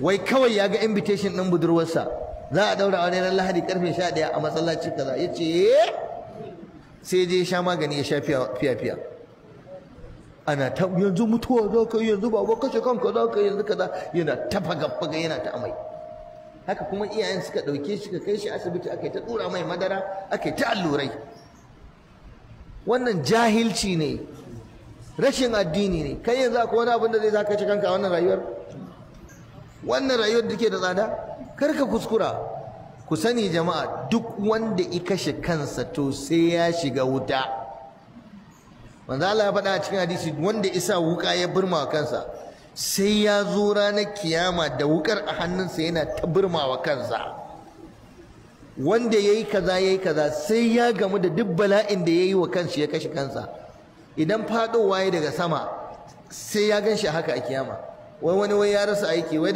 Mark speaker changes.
Speaker 1: wai kawai ya ga invitation ɗin budurwarsa za a daura wani ran lahadi karfe sha daya a masallaci kaza ce eh? sai je sha magani ya sha fiya fiya ana ta yanzu mutuwa za ka yi yanzu baba kashe kanka za ka yi yanzu kaza yana ta ga yana ta amai haka kuma iyayen suka ɗauke shi ka kai shi asibiti aka yi ta ɗura mai madara aka yi ta allurai wannan jahilci ne rashin addini ne kai yanzu akwai wani abin da zai za ka kanka a wannan rayuwar wannan rayuwar da ke da tsada kar ka kuskura ku sani jama'a duk wanda i kashe kansa to sai ya shiga wuta manzo Allah ya faɗa a cikin hadisi wanda isa wuka ya burma kansa sai ya zo ranar kiyama da wukar a hannunsa yana ta burmawa kansa wanda yayi kaza yayi kaza sai ya gamu da duk bala'in da yayi wa kansa ya kashe kansa idan fadowa ya daga sama sai ya gan haka a kiyama wai wani wai ya rasa aiki wai